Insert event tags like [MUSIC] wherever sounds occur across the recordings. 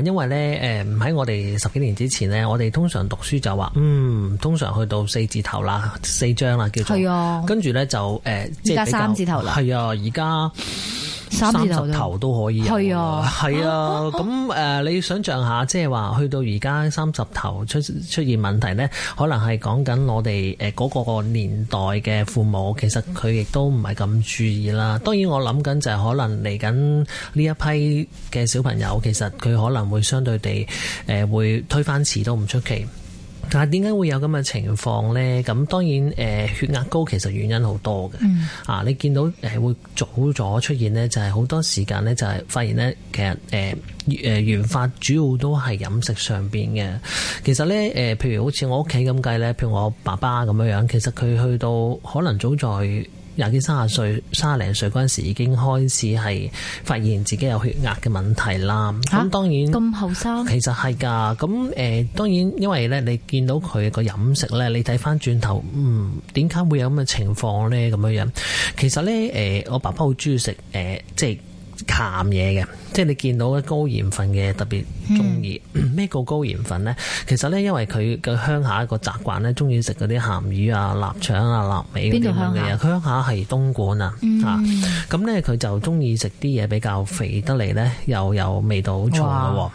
因為咧，誒唔喺我哋十幾年之前咧，我哋通常讀書就話，嗯，通常去到四字頭啦，四張啦，叫做，跟住咧就誒，即係三字頭啦，係啊，而家。三十頭都可以，係啊，係啊，咁誒、啊呃，你想象下，即係話去到而家三十頭出出現問題呢，可能係講緊我哋誒嗰個年代嘅父母，其實佢亦都唔係咁注意啦。當然，我諗緊就係可能嚟緊呢一批嘅小朋友，其實佢可能會相對地誒、呃、會推返遲都唔出奇。但係點解會有咁嘅情況咧？咁當然誒、呃，血壓高其實原因好多嘅。嗯、啊，你見到誒會早咗出現咧，就係、是、好多時間咧，就係發現咧，其實誒誒、呃、原發主要都係飲食上面嘅。其實咧誒、呃，譬如好似我屋企咁計咧，譬如我爸爸咁樣樣，其實佢去到可能早在，廿幾三十歲，三十零歲嗰陣時已經開始係發現自己有血壓嘅問題啦。咁、啊、當然，咁後生，其實係㗎。咁誒、呃，當然因為咧，你見到佢個飲食咧，你睇翻轉頭，嗯，點解會有咁嘅情況咧？咁樣樣，其實咧，誒、呃，我爸爸好中意食誒，即係，鹹嘢嘅，即係你見到啲高鹽分嘅，特別中意。咩叫高鹽分呢？其實呢，因為佢嘅鄉下一個習慣呢，中意食嗰啲鹹魚啊、臘腸啊、臘味嗰啲嘢嘅。鄉下係東莞啊，咁呢、嗯，佢、嗯嗯、就中意食啲嘢比較肥得嚟呢，又有味道好重嘅。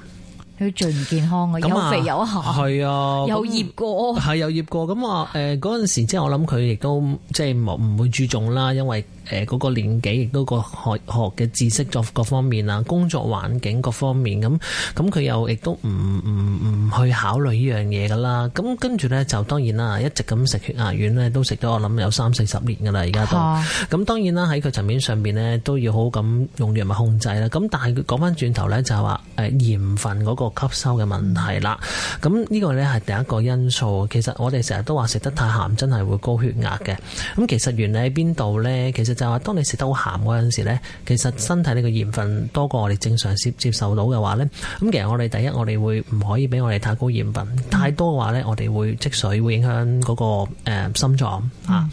佢最唔健康嘅，又肥又鹹，係啊，有醃、啊啊、過，係有醃過。咁啊， [LAUGHS] 誒，嗰陣時即係我諗佢亦都即係唔會注重啦，因為。誒嗰個年紀，亦、那、都個學學嘅知識各方面啊，工作環境各方面咁，咁佢又亦都唔唔唔去考慮呢樣嘢噶啦。咁跟住呢，就當然啦，一直咁食血壓丸呢，都食咗我諗有三四十年噶啦，而家都。咁、啊、當然啦，喺佢層面上面呢，都要好好咁用藥物控制啦。咁但係講翻轉頭呢，就係話誒鹽分嗰個吸收嘅問題啦。咁呢、這個呢，係第一個因素。其實我哋成日都話食得太鹹真係會高血壓嘅。咁、嗯、其實原理喺邊度呢？其實就係話，當你食得好鹹嗰陣時咧，其實身體呢個鹽分多過我哋正常接接受到嘅話咧，咁其實我哋第一，我哋會唔可以俾我哋太高鹽分太多嘅話咧，我哋會積水，會影響嗰、那個、呃、心臟啊。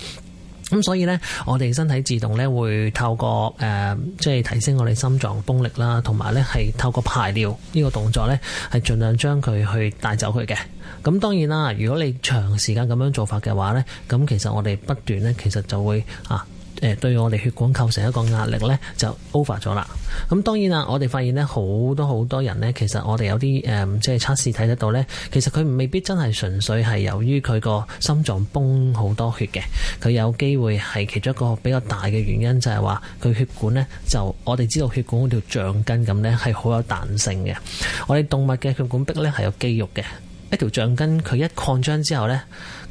咁、嗯、所以咧，我哋身體自動咧會透過誒、呃，即係提升我哋心臟功力啦，同埋咧係透過排尿呢個動作咧，係盡量將佢去帶走佢嘅。咁、嗯、當然啦，如果你長時間咁樣做法嘅話咧，咁其實我哋不斷咧，其實就會啊。誒，對我哋血管構成一個壓力咧，就 over 咗啦。咁當然啦，我哋發現咧，好多好多人咧，其實我哋有啲誒、呃，即係測試睇得到咧，其實佢未必真係純粹係由於佢個心臟泵好多血嘅，佢有機會係其中一個比較大嘅原因就係話佢血管咧，就我哋知道血管好似條橡筋咁咧，係好有彈性嘅。我哋動物嘅血管壁咧係有肌肉嘅。一條橡筋佢一擴張之後呢，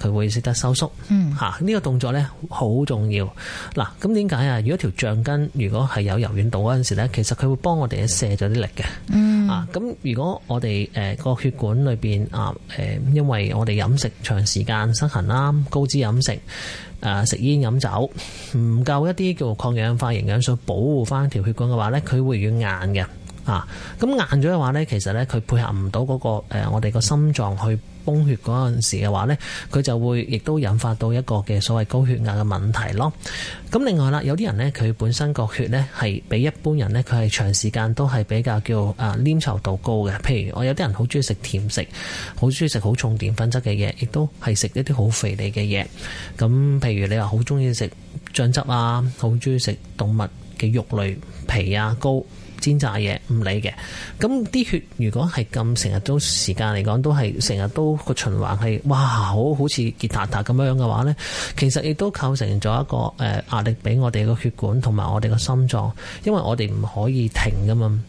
佢會識得收縮，嚇呢、嗯啊呢個動作呢，好重要。嗱、啊，咁點解、嗯、啊？如果條橡筋如果係有柔軟度嗰陣時咧，其實佢會幫我哋卸咗啲力嘅。嗯，啊，咁如果我哋誒個血管裏邊啊誒，因為我哋飲食長時間失衡啦、高脂飲食、誒、呃、食煙飲酒，唔夠一啲叫抗氧化營養素保護翻條血管嘅話呢，佢會軟硬嘅。啊，咁硬咗嘅話呢，其實呢，佢配合唔到嗰個、呃、我哋個心臟去泵血嗰陣時嘅話呢，佢就會亦都引發到一個嘅所謂高血壓嘅問題咯。咁另外啦，有啲人呢，佢本身個血呢，係比一般人呢，佢係長時間都係比較叫啊黏稠度高嘅。譬如我有啲人好中意食甜食，好中意食好重澱粉質嘅嘢，亦都係食一啲好肥膩嘅嘢。咁譬如你話好中意食醬汁啊，好中意食動物嘅肉類皮啊膏，糕煎炸嘢唔理嘅，咁啲血如果係咁成日都時間嚟講，都係成日都個循環係哇好好似熱塔塔咁樣嘅話呢，其實亦都構成咗一個誒壓力俾我哋個血管同埋我哋個心臟，因為我哋唔可以停㗎嘛。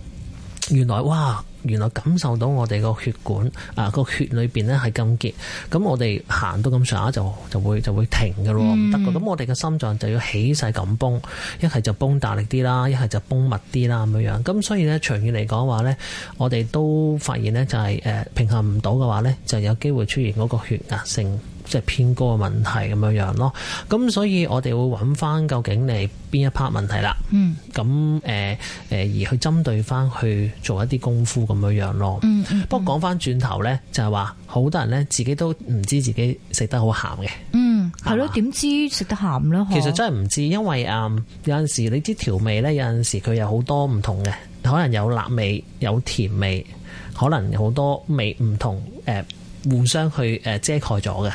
原來哇，原來感受到我哋個血管啊個、呃、血裏邊咧係咁結，咁我哋行到咁上下就就會就會停嘅咯，唔得嘅。咁我哋嘅心臟就要起勢咁泵，一係就泵大力啲啦，一係就泵密啲啦咁樣樣。咁所以咧長遠嚟講話咧，我哋都發現咧就係、是、誒、呃、平衡唔到嘅話咧，就有機會出現嗰個血壓性。即係偏高嘅問題咁樣樣咯，咁所以我哋會揾返究竟你邊一 part 問題啦。嗯，咁誒誒而去針對返去做一啲功夫咁樣樣咯。嗯。不過講返轉頭咧，就係話好多人咧自己都唔知自己食得好鹹嘅。嗯，係咯吧，點知食得鹹咧？其實真係唔知，因為誒有陣時你知調味咧，有陣時佢有好多唔同嘅，可能有辣味、有甜味，可能好多味唔同誒。呃互相去誒遮蓋咗嘅，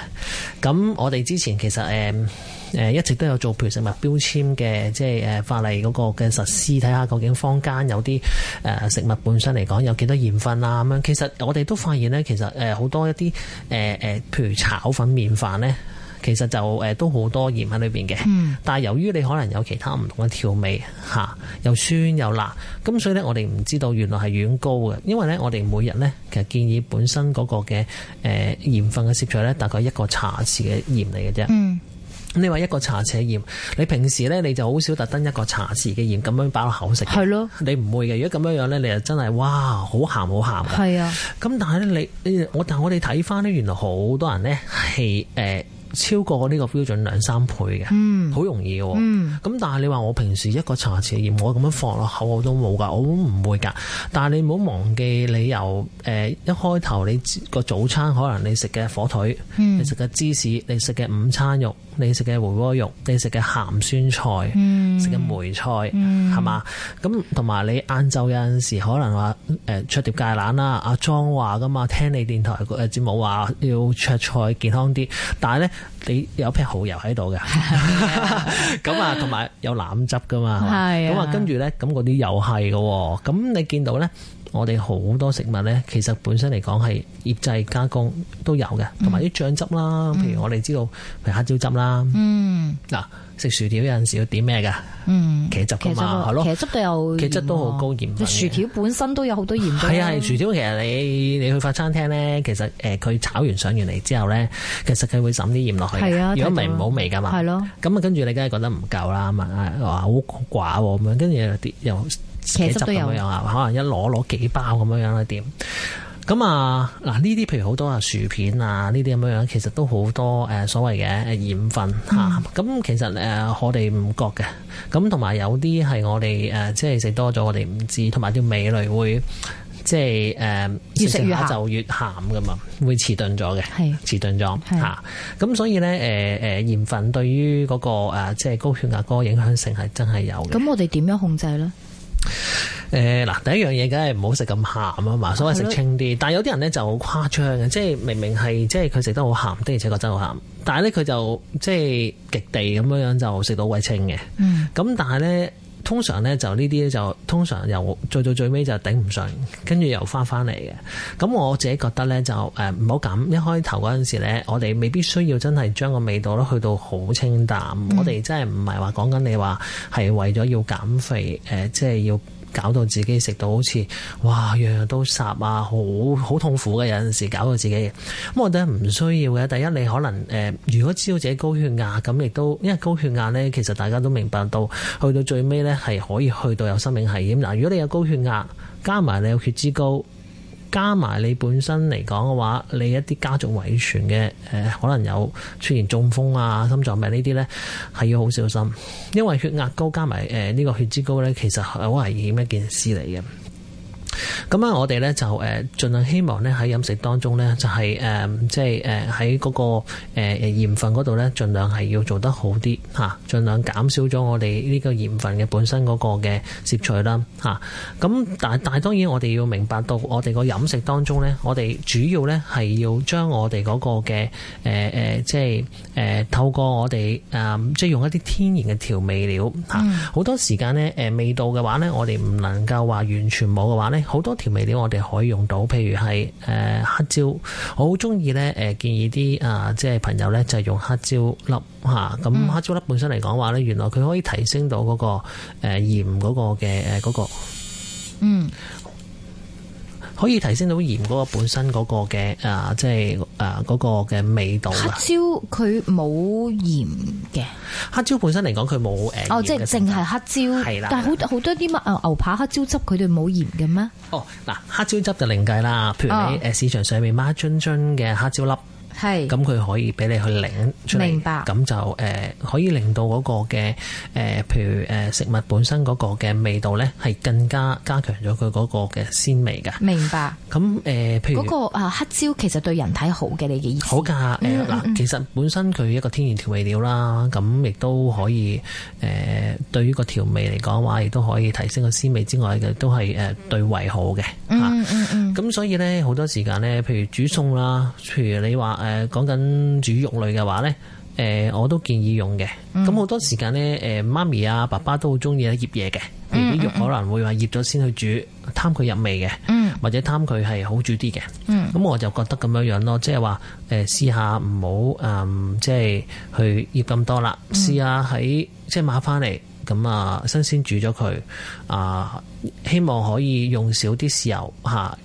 咁我哋之前其實誒誒、呃呃、一直都有做譬如食物標籤嘅，即係誒、呃、法例嗰個嘅實施，睇下究竟坊間有啲誒、呃、食物本身嚟講有幾多鹽分啊咁樣。其實我哋都發現咧，其實誒好多一啲誒誒，譬如炒粉麵飯咧。其實就誒都好多鹽喺裏邊嘅，嗯、但係由於你可能有其他唔同嘅調味吓，又酸又辣，咁所以咧我哋唔知道原來係遠高嘅，因為咧我哋每日咧其實建議本身嗰個嘅誒鹽分嘅攝取咧大概一個茶匙嘅鹽嚟嘅啫。嗯，你話一個茶匙嘅鹽，你平時咧你就好少特登一個茶匙嘅鹽咁樣擺落口食嘅。係咯的，你唔會嘅。如果咁樣樣咧，你就真係哇好鹹好鹹。係啊的，咁但係咧你我但係我哋睇翻咧，原來好多人咧係誒。呃超過呢個標準兩三倍嘅，嗯，好容易嘅喎，咁、嗯、但係你話我平時一個茶匙鹽我咁樣放落口我都冇㗎，我都唔會㗎。但係你唔好忘記你由誒、呃、一開頭你個早餐可能你食嘅火腿，你食嘅芝士，你食嘅午餐肉。嗯嗯你食嘅回鍋肉，你食嘅鹹酸菜，食嘅、嗯、梅菜，係嘛、嗯？咁同埋你晏晝有陣時可能話，誒、呃，灼碟芥蘭啦，阿莊話噶嘛，聽你電台誒節目話要灼菜健康啲，但係咧，你有一批蚝油喺度嘅，咁啊，同埋有腩汁噶嘛，咁啊，跟住咧，咁嗰啲又係噶，咁你見到咧。我哋好多食物呢，其實本身嚟講係醃製加工都有嘅，同埋啲醬汁啦，嗯、譬如我哋知道譬如黑椒汁啦，嗱、嗯。食薯條有陣時要點咩噶？嗯，茄汁噶嘛，係咯，茄汁都有、啊，茄汁都好高鹽分。薯條本身都有好多鹽。係啊，係薯條，其實你你去法餐廳咧，其實誒佢、呃、炒完上完嚟之後咧，其實佢會審啲鹽落去。係啊，如果味唔好味噶嘛，係咯。咁啊，跟住你梗係覺得唔夠啦，咁啊，話好寡喎咁樣，跟住又茄汁咁樣啊，可能一攞攞幾包咁樣樣咧點。咁啊嗱，呢啲譬如好多啊薯片啊呢啲咁樣樣，其實都好多誒、呃、所謂嘅鹽分吓。咁、嗯啊、其實誒我哋唔覺嘅。咁同埋有啲係我哋誒即係食多咗，我哋唔、呃、知。同埋啲味蕾會即係誒、呃、越食越就越鹹噶嘛，會遲鈍咗嘅，遲鈍咗吓。咁是、啊、所以咧誒誒鹽分對於嗰、那個誒、呃、即係高血壓嗰個影響性係真係有嘅。咁我哋點樣控制咧？誒，嗱、呃，第一樣嘢，梗係唔好食咁咸啊嘛，所謂食清啲。 [NOISE] 但係有啲人咧就好誇張嘅，即係明明係即係佢食得好咸的，而且覺得好咸，但係咧佢就即係極地咁樣樣就食到鬼清嘅。嗯，咁 [NOISE] 但係咧。通常咧就呢啲就通常由最到最尾就頂唔順，跟住又翻翻嚟嘅。咁我自己覺得咧就誒唔好咁一開頭嗰陣時咧，我哋未必需要真係將個味道都去到好清淡。嗯、我哋真係唔係話講緊你話，係為咗要減肥誒，即、呃、係、就是、要。搞到自己食到好似哇，樣樣都殺啊，好好痛苦嘅，有陣時，搞到自己。咁我哋唔需要嘅。第一，你可能誒、呃，如果知道自己高血壓，咁亦都因為高血壓呢，其實大家都明白到，去到最尾呢係可以去到有生命危險。嗱、呃，如果你有高血壓，加埋你有血脂高，加埋你本身嚟講嘅話，你一啲家族遺傳嘅誒，可能有出現中風啊、心臟病呢啲呢，係要好小心，因為血壓高加埋誒呢個血脂高呢，其實係好危險一件事嚟嘅。咁啊，我哋呢，就誒盡量希望呢喺飲食當中呢，就係誒即係誒喺嗰個誒鹽分嗰度呢，儘量係要做得好啲。吓儘量減少咗我哋呢個鹽分嘅本身個嘅攝取啦，吓、啊、咁但係但係當然我哋要明白到我哋個飲食當中咧，我哋主要咧係要將我哋個嘅誒誒即係誒、呃、透過我哋誒、呃、即係用一啲天然嘅調味料吓好、啊、多時間咧誒味道嘅話咧，我哋唔能夠話完全冇嘅話咧，好多調味料我哋可以用到，譬如係誒、呃、黑椒，我好中意咧誒建議啲啊、呃，即係朋友咧就係用黑椒粒吓咁、啊、黑椒粒。本身嚟講話咧，原來佢可以提升到嗰個誒鹽嗰個嘅誒嗰個，嗯，可以提升到鹽嗰個本身嗰個嘅啊、呃，即係啊嗰個嘅味道。黑椒佢冇鹽嘅，黑椒本身嚟講佢冇誒，哦，即係淨係黑椒，係啦的。但係好多好多啲啊牛扒黑椒汁，佢哋冇鹽嘅咩？哦，嗱，黑椒汁就另計啦。譬如喺誒市場上面買一樽樽嘅黑椒粒。哦哦係，咁佢是可以俾你去拎出嚟，咁白就誒可以令到嗰個嘅誒，譬如誒食物本身嗰個嘅味道咧，係更加加強咗佢嗰個嘅鮮味噶。明白。咁誒，譬如嗰個啊黑椒其實對人體好嘅，你嘅意思？好噶，誒、呃、嗱，嗯嗯其實本身佢一個天然調味料啦，咁亦都可以誒對於個調味嚟講話，亦都可以提升個鮮味之外嘅，都係誒對胃好嘅。咁、嗯嗯嗯啊、所以咧，好多時間咧，譬如煮餸啦，譬如你話誒。誒，講緊煮肉類嘅話呢，誒，我都建議用嘅。咁好多時間呢，誒，媽咪啊、爸爸都好中意一腌嘢嘅，啲肉可能會話腌咗先去煮，貪佢入味嘅，或者貪佢係好煮啲嘅。咁我就覺得咁樣樣咯，即係話，誒，試下唔好，嗯，即係去腌咁多啦。試下喺即係買翻嚟，咁啊，新鮮煮咗佢啊，希望可以用少啲豉油吓，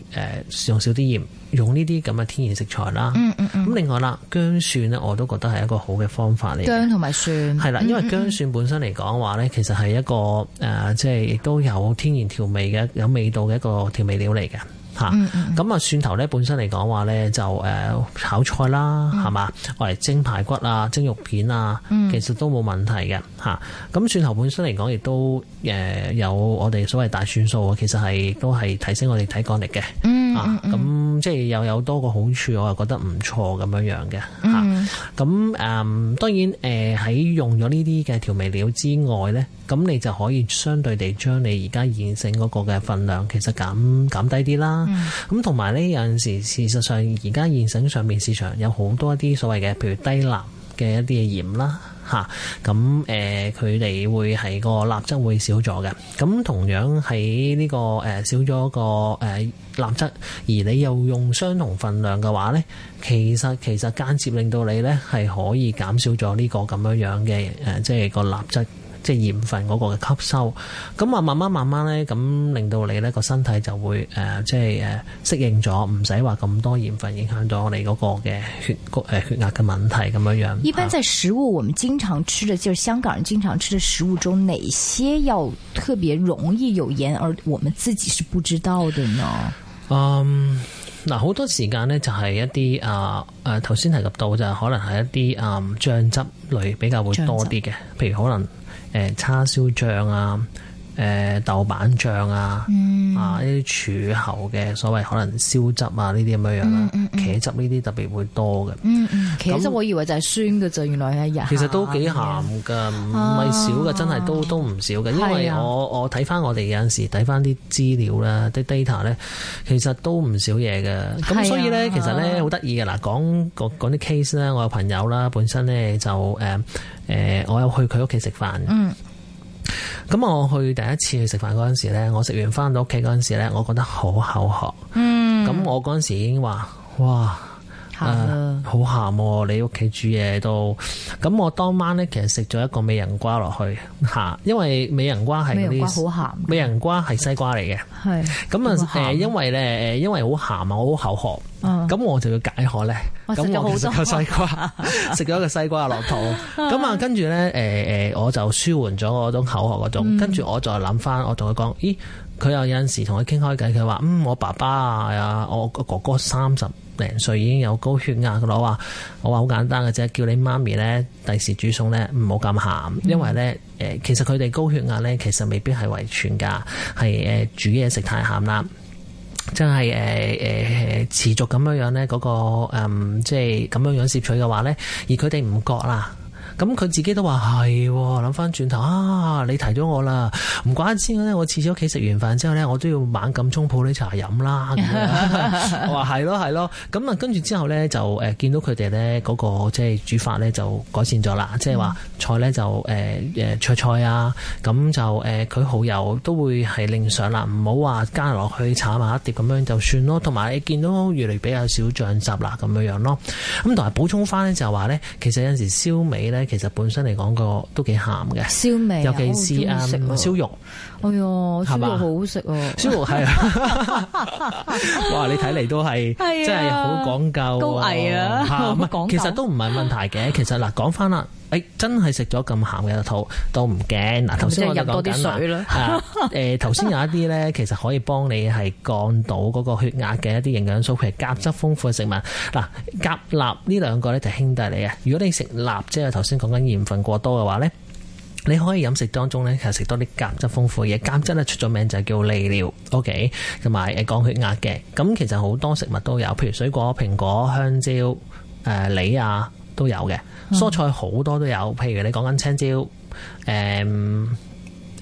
誒，用少啲鹽。用呢啲咁嘅天然食材啦，咁、嗯嗯嗯、另外啦，薑蒜咧我都覺得係一個好嘅方法嚟。薑同埋蒜係啦，因為薑蒜本身嚟講話咧，其實係一個誒、嗯嗯嗯呃，即係亦都有天然調味嘅，有味道嘅一個調味料嚟嘅嚇。咁啊嗯嗯蒜頭咧本身嚟講話咧就誒、呃、炒菜啦，係嘛，我嚟、嗯、蒸排骨啊、蒸肉片啊，其實都冇問題嘅嚇。咁、啊嗯嗯、蒜頭本身嚟講亦都誒有我哋所謂大蒜素啊，其實係都係提升我哋體抗力嘅。嗯咁、啊、即係又有多個好處，我又覺得唔錯咁樣樣嘅嚇。咁誒、mm hmm. 啊嗯、當然誒喺、呃、用咗呢啲嘅調味料之外呢，咁你就可以相對地將你而家現成嗰個嘅份量其實減減低啲啦。咁同埋呢，有陣時，事實上而家現，現成上面市場有好多一啲所謂嘅，譬如低鈉嘅一啲嘅鹽啦。吓，咁誒佢哋會係個鈉質會少咗嘅，咁同樣喺呢、這個誒、呃、少咗個誒鈉、呃、質，而你又用相同份量嘅話咧，其實其實間接令到你咧係可以減少咗呢個咁樣樣嘅誒，即係個鈉質。即係鹽分嗰個嘅吸收，咁啊，慢慢慢慢咧，咁令到你咧個身體就會誒、呃，即係誒適應咗，唔使話咁多鹽分影響咗我哋嗰個嘅血誒、呃、血壓嘅問題咁樣樣。一般在食物，啊、我們經常吃嘅，就係、是、香港人經常吃嘅食物中，哪些要特別容易有鹽，而我們自己是不知道的呢？嗯，嗱，好多時間呢，就係一啲啊誒頭先提及到就可能係一啲啊、嗯、醬汁類比較會多啲嘅，譬汁如可能。誒，叉燒醬啊，誒，豆瓣醬啊，嗯、啊一啲柱侯嘅所謂可能燒汁啊，呢啲咁樣樣啦，嗯嗯嗯、茄汁呢啲特別會多嘅。茄汁、嗯、我以為就係酸嘅啫，原來係日。其實都幾鹹㗎，唔係少嘅，真係都都唔少嘅。因為我我睇翻我哋有陣時睇翻啲資料啦，啲 data 咧，其實都唔少嘢嘅。咁所以咧，其實咧好得意嘅嗱，講講啲 case 咧，我有朋友啦，本身咧就誒誒，我有去佢屋企食飯。咁我去第一次去食飯嗰陣時咧，我食完翻到屋企嗰陣時咧，我覺得好口渴。嗯，咁我嗰陣時已經話，哇，鹹、啊，好鹹、呃啊。你屋企煮嘢都，咁我當晚呢，其實食咗一個美人瓜落去，吓，因為美人瓜係，美人瓜好鹹。美人瓜係、啊、西瓜嚟嘅，係、嗯。咁就啊、呃，因為呢，因為好鹹啊，好口渴。嗯咁我就要解渴咧，咁、哦，我食咗個西瓜，食咗個西瓜落肚，咁啊 [LAUGHS] 跟住咧，誒誒，我就舒緩咗我種口渴嗰種，嗯、跟住我再諗翻，我同佢講，咦，佢又有陣時同佢傾開偈，佢話，嗯，我爸爸啊，我個哥哥三十零歲已經有高血壓，我話，我話好簡單嘅啫，叫你媽咪咧，第時煮餸咧唔好咁咸，嗯，因為咧，誒，其實佢哋高血壓咧，其實未必係遺傳噶，係誒煮嘢食太咸啦。嗯真係誒誒持續咁樣、嗰個誒、樣咧，嗰個誒即係咁樣樣攝取嘅話咧，而佢哋唔覺啦。咁佢自己都話係諗翻轉頭啊！你提咗我啦，唔怪得先，我次次屋企食完飯之後呢，我都要猛咁沖泡啲茶飲啦。 [LAUGHS] [LAUGHS] 我話係咯係咯，咁啊跟住之後呢，就、哎、誒見到佢哋呢嗰個即係煮法呢，就改善咗啦，即係話菜呢，就誒誒菜菜啊，咁就誒佢蠔油都會係淋上啦，唔好話加落去炒埋一碟咁樣就算咯。同埋你見到越嚟比較少醬汁啦咁樣樣咯，咁同埋補充翻呢，就係話呢，其實有陣時燒味呢。其實本身嚟講，個都幾鹹嘅，燒味啊、尤其是啊燒肉。哎呀，酸度好好食哦！酸度係啊，吧 [LAUGHS] [LAUGHS] 哇！你睇嚟都係， [LAUGHS] 真係好講究，高危啊！鹹 [LAUGHS] 是，其實都唔係問題嘅。其實嗱，講翻啦，誒、欸，真係食咗咁鹹嘅肚都唔驚。嗱，頭先我哋講緊，誒，頭先、啊呃、有一啲咧，其實可以幫你係降到嗰個血壓嘅一啲營養素，譬 [LAUGHS] 如鉀質豐富嘅食物。嗱，鉀、鈉呢兩個咧就兄弟嚟啊。如果你食鈉，即係頭先講緊鹽分過多嘅話咧。你可以飲食當中咧，其實食多啲鉀質豐富嘅嘢，鉀、嗯、質咧出咗名就係叫利尿，O K，同埋誒降血壓嘅。咁其實好多食物都有，譬如水果、蘋果、香蕉、誒、呃、梨啊都有嘅，蔬菜好多都有，譬如你講緊青椒，誒、呃。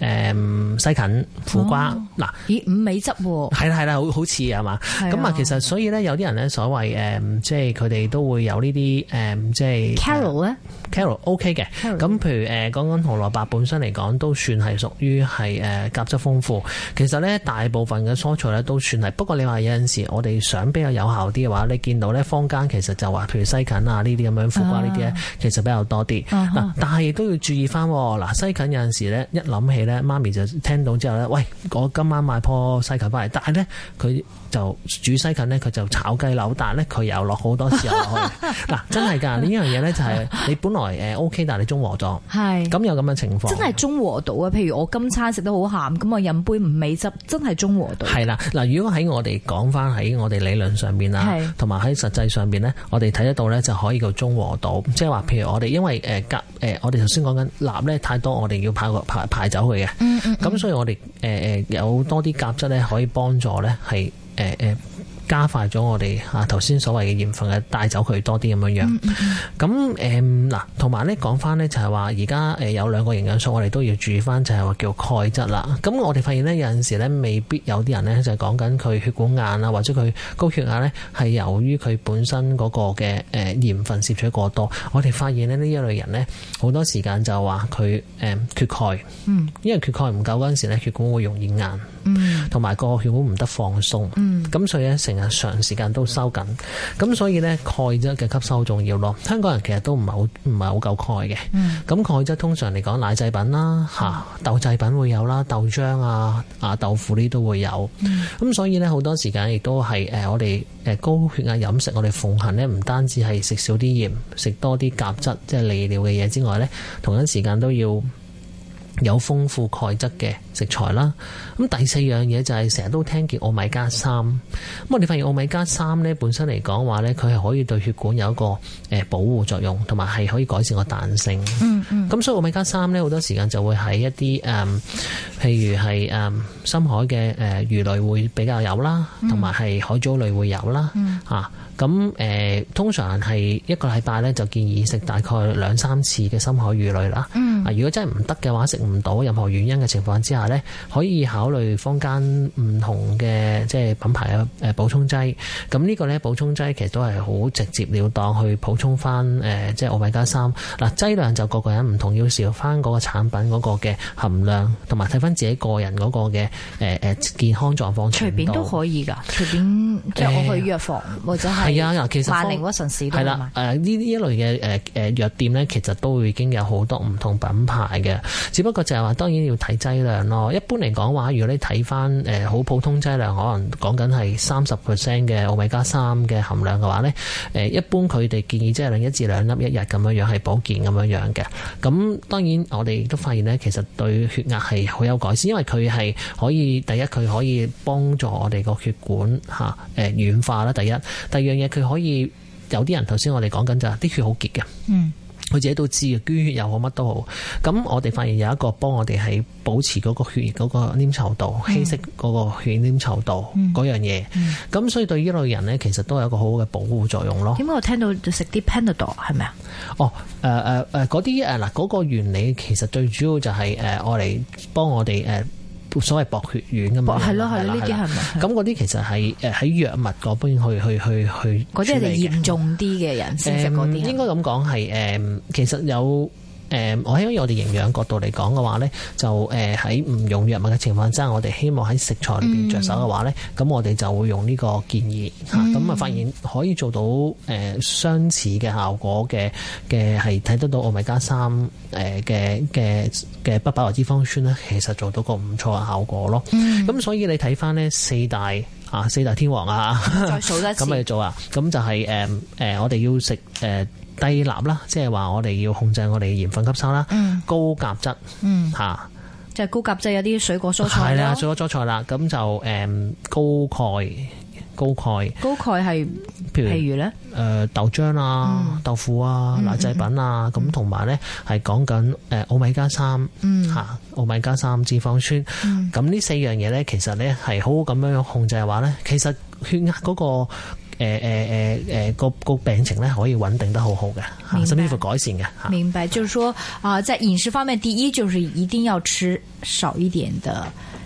誒，西芹、苦瓜嗱，咦，五味汁喎，係啦係啦，好好似係嘛，咁啊，其實所以咧，有啲人咧，所謂誒，即係佢哋都會有呢啲誒，即係 Carol 咧，Carol OK 嘅，咁譬如誒，講緊紅蘿蔔本身嚟講，都算係屬於係誒，鉀質豐富。其實咧，大部分嘅蔬菜咧，都算係，不過你話有陣時，我哋想比較有效啲嘅話，你見到咧，坊間其實就話，譬如西芹啊呢啲咁樣，苦瓜呢啲咧，其實比較多啲。嗱，但係都要注意翻，嗱，西芹有陣時咧，一諗起。咧，媽咪就聽到之後咧，喂，我今晚買樖西芹翻嚟，但係咧，佢就煮西芹咧，佢就炒雞柳，但係咧，佢又落好多油落去，嗱、 [LAUGHS] 啊，真係㗎，呢樣嘢咧就係你本來誒 O K，但係你中和咗，係，咁有咁嘅情況，真係中和到啊！譬如我今餐食得好鹹，咁我飲杯五味汁，真係中和到。係啦，嗱，如果喺我哋講翻喺我哋理論上邊啦，同埋喺實際上邊咧，我哋睇得到咧就可以叫中和到，即係話譬如我哋因為誒夾誒，我哋頭先講緊鈉咧太多，我哋要排排走嘅，咁所以我哋，誒 [NOISE] 誒，有多啲鈣質咧，可以幫助咧，係誒誒。加快咗我哋啊，頭先所謂嘅鹽分嘅帶走佢多啲咁樣樣。咁誒嗱，同埋咧講翻咧就係話，而家誒有兩個營養素我哋都要注意翻，就係話叫鈣質啦。咁我哋發現咧有陣時咧未必有啲人咧就係講緊佢血管硬啊，或者佢高血壓咧係由於佢本身嗰個嘅誒鹽分攝取過多。我哋發現咧呢一類人咧好多時間就話佢誒缺鈣，因為缺鈣唔夠嗰陣時咧血管會容易硬。嗯。同埋個血管唔得放鬆，咁、嗯、所以咧成日長時間都收緊，咁、嗯、所以咧鈣質嘅吸收重要咯。香港人其實都唔係好唔係好夠鈣嘅，咁、嗯、鈣質通常嚟講奶製品啦，嚇、嗯、豆製品會有啦，豆漿啊啊豆腐呢都會有，咁、嗯、所以咧好多時間亦都係誒我哋誒高血壓飲食我哋奉行咧，唔單止係食少啲鹽，食多啲鉀質，即、就、係、是、利尿嘅嘢之外咧，同一時間都要。有豐富鈣質嘅食材啦，咁第四樣嘢就係成日都聽見奧米加三，咁我哋發現奧米加三咧本身嚟講話咧，佢係可以對血管有一個誒保護作用，同埋係可以改善個彈性。咁、嗯嗯、所以奧米加三咧好多時間就會喺一啲誒、嗯，譬如係誒深海嘅誒魚類會比較有啦，同埋係海藻類會有啦。嗯。咁誒、啊呃、通常係一個禮拜咧就建議食大概兩三次嘅深海魚類啦。嗯嗯啊！如果真係唔得嘅話，食唔到任何原因嘅情況之下咧，可以考慮坊間唔同嘅即係品牌嘅誒補充劑。咁、這個、呢個咧補充劑其實都係好直接了當去補充翻誒即係我米加三。嗱劑、嗯、量就個個人唔同，要試翻嗰個產品嗰個嘅含量，同埋睇翻自己個人嗰個嘅誒誒健康狀況。隨便都可以㗎，隨便著、呃、我去藥房、呃、或者係萬啊，嗱其實萬啦，誒呢啲一類嘅誒誒藥店咧，其實,萬其實都已經有好多唔同品。品牌嘅，只不過就係話，當然要睇劑量咯。一般嚟講話，如果你睇翻誒好普通劑量，可能講緊係三十 percent 嘅奧米加三嘅含量嘅話呢，誒，一般佢哋建議即係兩一至兩粒一日咁樣樣係保健咁樣樣嘅。咁當然我哋亦都發現呢，其實對血壓係好有改善，因為佢係可以第一，佢可以幫助我哋個血管吓誒軟化啦。第一，第二樣嘢佢可以有啲人，頭先我哋講緊就係啲血好結嘅，嗯。佢自己都知嘅，捐血又好，乜都好。咁我哋發現有一個幫我哋喺保持嗰個血液嗰個粘稠度，稀釋嗰個血粘稠度嗰、嗯、樣嘢。咁、嗯、所以對呢類人咧，其實都係有一個好好嘅保護作用咯。點解我聽到就食啲 Panadol 係咪啊？哦，誒誒誒，嗰啲誒嗱嗰個原理其實最主要就係誒我嚟幫我哋誒。呃所謂薄血丸㗎嘛，係咯係咯，呢啲係咪？咁嗰啲其實係誒喺藥物嗰邊去去去去，嗰啲係嚴重啲嘅人先食嗰啲啊。應該咁講係誒，其實有。誒，嗯、我喺因為我哋營養角度嚟講嘅話呢，就誒喺唔用藥物嘅情況之下，我哋希望喺食材裏邊着手嘅話呢咁、嗯、我哋就會用呢個建議嚇，咁、嗯、啊發現可以做到誒、呃、相似嘅效果嘅嘅，係睇得到奧米加三誒嘅嘅嘅不飽和脂肪酸呢，其實做到個唔錯嘅效果咯。咁、嗯、所以你睇翻呢四大。啊！四大天王啊，咁你做啊！咁 [LAUGHS] 就係誒誒，我哋要食誒低鈉啦，即係話我哋要控制我哋嘅鹽分吸收啦，嗯、高鉀質，吓、嗯，啊、即係高鉀質有啲水果蔬菜咯，係啦，水果蔬菜啦，咁、嗯、就誒、嗯、高鈣。高鈣，高鈣係譬如譬如咧，誒豆漿啊、豆腐啊、奶製品啊，咁同埋咧係講緊誒歐米加三，吓歐米加三脂肪酸，咁、嗯、呢四樣嘢咧，其實咧係好好咁樣控制嘅話咧，其實血壓嗰、那個誒誒誒誒個個病情咧可以穩定得好好嘅，甚至乎改善嘅。明白，啊、就是說啊，在飲食方面，第一就是一定要吃少一點的。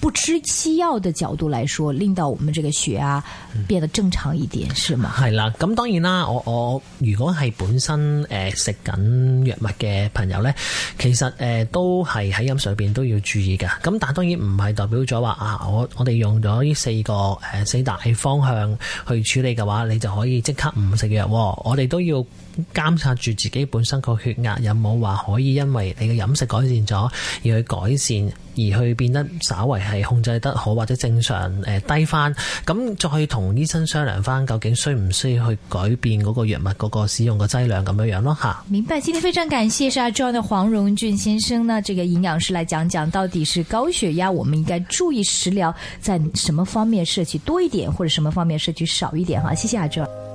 不吃西藥的角度來說，令到我們這個血壓、啊、變得正常一點，是嗎？係啦，咁當然啦，我我如果係本身誒食緊藥物嘅朋友呢，其實誒、呃、都係喺飲食邊都要注意噶。咁但係當然唔係代表咗話啊，我我哋用咗呢四個誒、呃、四大方向去處理嘅話，你就可以即刻唔食藥喎。我哋都要監察住自己本身個血壓有冇話可以因為你嘅飲食改善咗要去改善。而去變得稍為係控制得好，或者正常誒、呃、低翻，咁再去同醫生商量翻，究竟需唔需要去改變嗰個藥物嗰、嗰個使用嘅劑量咁樣樣咯吓。明白。今天非常感謝是阿 John 的黃榮俊先生呢，這個營養師來講講到底是高血壓，我們應該注意食療在什麼方面攝取多一點，或者什麼方面攝取少一點哈。謝謝阿 John。